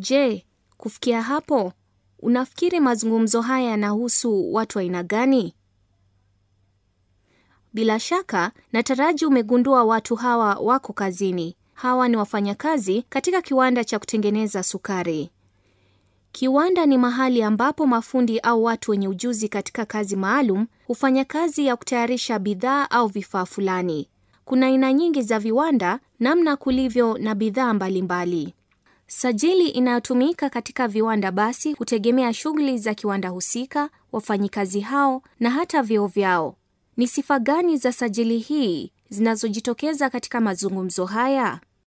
Je, kufikia hapo unafikiri mazungumzo haya yanahusu watu aina gani? Bila shaka nataraji umegundua watu hawa wako kazini. Hawa ni wafanyakazi katika kiwanda cha kutengeneza sukari. Kiwanda ni mahali ambapo mafundi au watu wenye ujuzi katika kazi maalum hufanya kazi ya kutayarisha bidhaa au vifaa fulani. Kuna aina nyingi za viwanda, namna kulivyo na bidhaa mbalimbali. Sajili inayotumika katika viwanda basi hutegemea shughuli za kiwanda husika, wafanyikazi hao na hata vyeo vyao. Ni sifa gani za sajili hii zinazojitokeza katika mazungumzo haya?